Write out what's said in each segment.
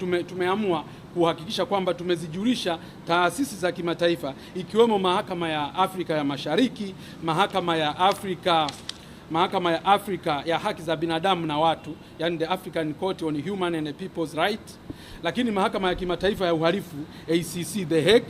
tume, tumeamua kuhakikisha kwamba tumezijulisha taasisi za kimataifa ikiwemo mahakama ya Afrika ya Mashariki, mahakama ya Afrika mahakama ya Afrika ya haki za binadamu na watu, yani the African Court on Human and People's Right, lakini mahakama ya kimataifa ya uhalifu ACC The Hague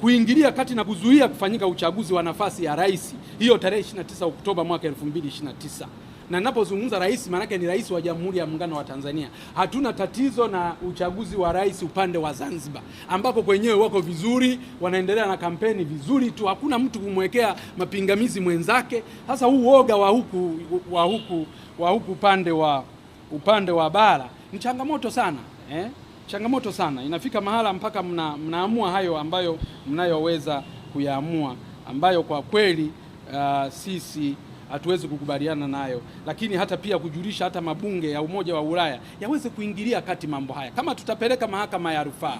kuingilia kati na kuzuia kufanyika uchaguzi wa nafasi ya rais hiyo tarehe 29 Oktoba mwaka 2029. Na ninapozungumza rais, maanake ni rais wa Jamhuri ya Muungano wa Tanzania. Hatuna tatizo na uchaguzi wa rais upande wa Zanzibar, ambako kwenyewe wako vizuri, wanaendelea na kampeni vizuri tu, hakuna mtu kumwekea mapingamizi mwenzake. Sasa huu woga wa huku wa huku wa huku upande wa upande wa bara ni changamoto sana eh? changamoto sana, inafika mahala mpaka mna, mnaamua hayo ambayo mnayoweza kuyaamua ambayo kwa kweli uh, sisi hatuwezi kukubaliana nayo, lakini hata pia kujulisha hata mabunge ya Umoja wa Ulaya yaweze kuingilia kati mambo haya. Kama tutapeleka mahakama ya rufaa,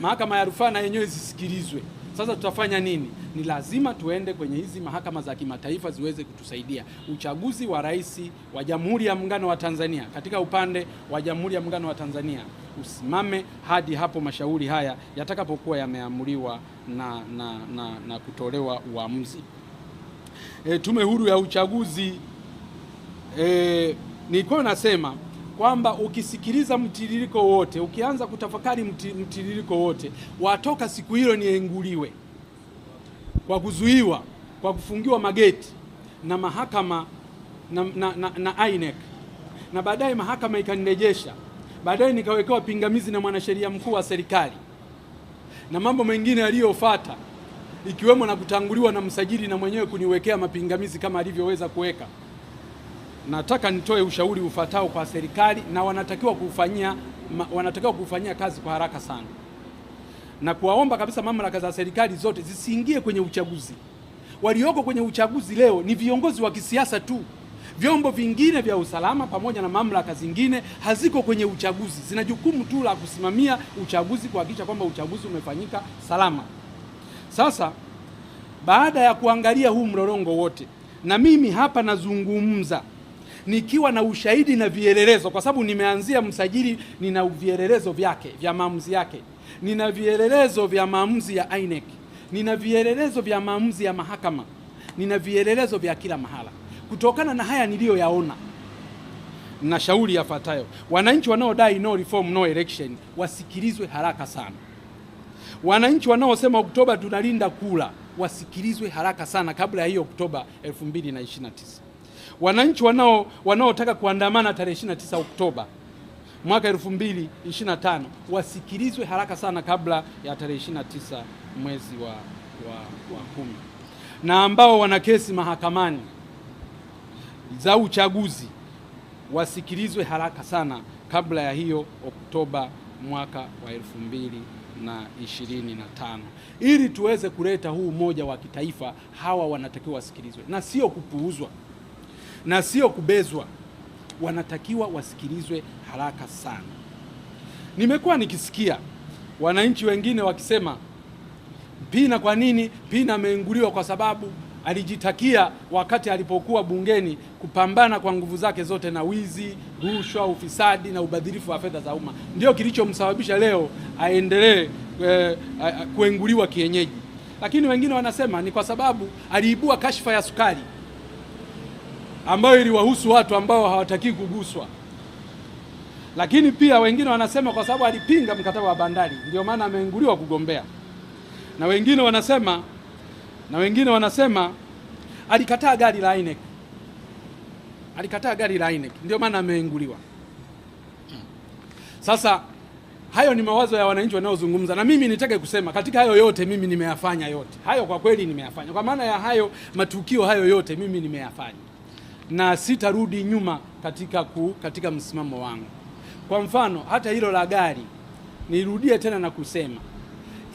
mahakama ya rufaa na yenyewe zisikilizwe. Sasa tutafanya nini? Ni lazima tuende kwenye hizi mahakama za kimataifa ziweze kutusaidia. Uchaguzi wa rais wa Jamhuri ya Muungano wa Tanzania, katika upande wa Jamhuri ya Muungano wa Tanzania usimame hadi hapo mashauri haya yatakapokuwa yameamuliwa na, na, na, na kutolewa uamuzi. E, Tume Huru ya Uchaguzi e, nilikuwa nasema kwamba ukisikiliza mtiririko wote, ukianza kutafakari mtiririko wote, watoka siku hilo nienguliwe kwa kuzuiwa, kwa kufungiwa mageti na mahakama na, na, na, na INEC na baadaye mahakama ikanirejesha Baadaye nikawekewa pingamizi na mwanasheria mkuu wa serikali na mambo mengine yaliyofuata, ikiwemo na kutanguliwa na msajili na mwenyewe kuniwekea mapingamizi kama alivyoweza kuweka. Nataka nitoe ushauri ufatao kwa serikali, na wanatakiwa kufanyia wanatakiwa kufanyia kazi kwa haraka sana, na kuwaomba kabisa mamlaka za serikali zote zisiingie kwenye uchaguzi. Walioko kwenye uchaguzi leo ni viongozi wa kisiasa tu. Vyombo vingine vya usalama pamoja na mamlaka zingine haziko kwenye uchaguzi, zina jukumu tu la kusimamia uchaguzi, kuhakikisha kwamba uchaguzi umefanyika salama. Sasa baada ya kuangalia huu mlolongo wote, na mimi hapa nazungumza nikiwa na ushahidi na vielelezo, kwa sababu nimeanzia msajili, nina vielelezo vyake vya maamuzi yake, nina vielelezo vya maamuzi ya INEC, nina vielelezo vya maamuzi ya mahakama, nina vielelezo vya kila mahala. Kutokana na haya niliyoyaona, na shauri yafuatayo: wananchi wanaodai no reform no election wasikilizwe haraka sana. Wananchi wanaosema Oktoba tunalinda kura wasikilizwe haraka sana kabla ya hiyo Oktoba 2029. Wananchi wanao wanaotaka kuandamana tarehe 29 Oktoba mwaka 2025 wasikilizwe haraka sana kabla ya tarehe 29 mwezi wa, wa, wa kumi, na ambao wana kesi mahakamani za uchaguzi wasikilizwe haraka sana kabla ya hiyo Oktoba mwaka wa elfu mbili na ishirini na tano ili tuweze kuleta huu umoja wa kitaifa. Hawa wanatakiwa wasikilizwe na sio kupuuzwa na sio kubezwa, wanatakiwa wasikilizwe haraka sana. Nimekuwa nikisikia wananchi wengine wakisema pina kwa nini pina ameinguliwa? Kwa sababu alijitakia wakati alipokuwa bungeni kupambana kwa nguvu zake zote na wizi, rushwa, ufisadi na ubadhirifu wa fedha za umma. Ndio kilichomsababisha leo aendelee eh, kuenguliwa kienyeji. Lakini wengine wanasema ni kwa sababu aliibua kashfa ya sukari ambayo iliwahusu watu ambao hawataki kuguswa. Lakini pia wengine wanasema kwa sababu alipinga mkataba wa bandari, ndio maana ameenguliwa kugombea, na wengine wanasema na wengine wanasema alikataa gari la INEC, alikataa gari la INEC ndio maana ameenguliwa. Sasa hayo ni mawazo ya wananchi wanaozungumza, na mimi nitake kusema katika hayo yote mimi nimeyafanya yote hayo, kwa kweli nimeyafanya. Kwa maana ya hayo matukio hayo yote mimi nimeyafanya, na sitarudi nyuma katika, ku, katika msimamo wangu. Kwa mfano hata hilo la gari nirudie tena na kusema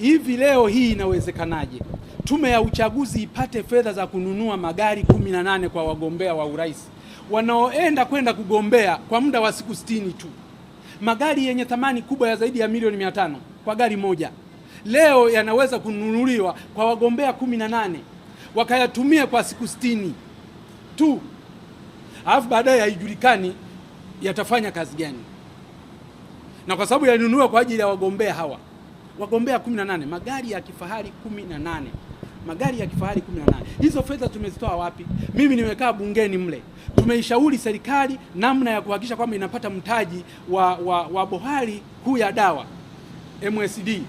hivi leo hii inawezekanaje tume ya uchaguzi ipate fedha za kununua magari 18 kwa wagombea wa urais wanaoenda kwenda kugombea kwa muda wa siku 60 tu, magari yenye thamani kubwa ya zaidi ya milioni tano kwa gari moja leo yanaweza kununuliwa kwa wagombea 18 wakayatumia kwa siku 60 tu, alafu baadaye haijulikani yatafanya kazi gani, na kwa sababu yanunua kwa ajili ya wagombea hawa wagombea 18, magari ya kifahari 18, magari ya kifahari 18. Hizo fedha tumezitoa wapi? Mimi nimekaa bungeni mle, tumeishauri serikali namna ya kuhakikisha kwamba inapata mtaji wa, wa, wa bohari kuu ya dawa MSD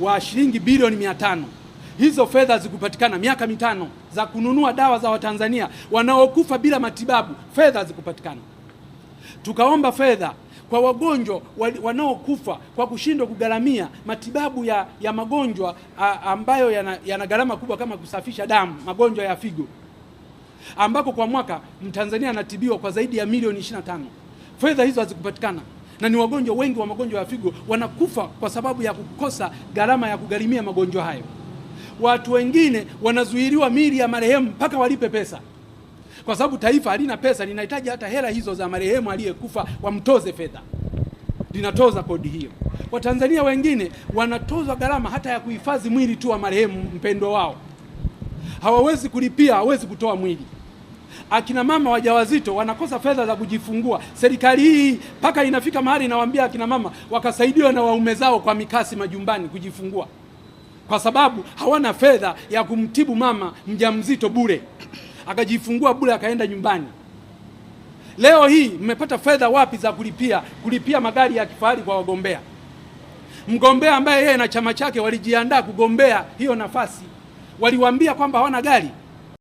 wa shilingi bilioni tano. Hizo fedha zikupatikana miaka mitano za kununua dawa za Watanzania wanaokufa bila matibabu, fedha zikupatikana. Tukaomba fedha kwa wagonjwa wanaokufa kwa kushindwa kugharamia matibabu ya, ya magonjwa a, ambayo yana, yana gharama kubwa kama kusafisha damu, magonjwa ya figo, ambako kwa mwaka Mtanzania anatibiwa kwa zaidi ya milioni 25. Fedha hizo hazikupatikana na ni wagonjwa wengi wa magonjwa ya figo wanakufa kwa sababu ya kukosa gharama ya kugharimia magonjwa hayo. Watu wengine wanazuiliwa mili ya marehemu mpaka walipe pesa kwa sababu taifa halina pesa, linahitaji hata hela hizo za marehemu aliyekufa wamtoze fedha, linatoza kodi hiyo. Watanzania wengine wanatozwa gharama hata ya kuhifadhi mwili tu wa marehemu mpendwa wao, hawawezi kulipia, hawawezi kutoa mwili. Akina mama wajawazito wanakosa fedha za kujifungua. Serikali hii mpaka inafika mahali inawaambia akina mama wakasaidiwa na waume zao kwa mikasi majumbani kujifungua, kwa sababu hawana fedha ya kumtibu mama mjamzito bure akajifungua bure akaenda nyumbani. Leo hii mmepata fedha wapi za kulipia kulipia magari ya kifahari kwa wagombea? Mgombea ambaye yeye na chama chake walijiandaa kugombea hiyo nafasi, waliwaambia kwamba hawana gari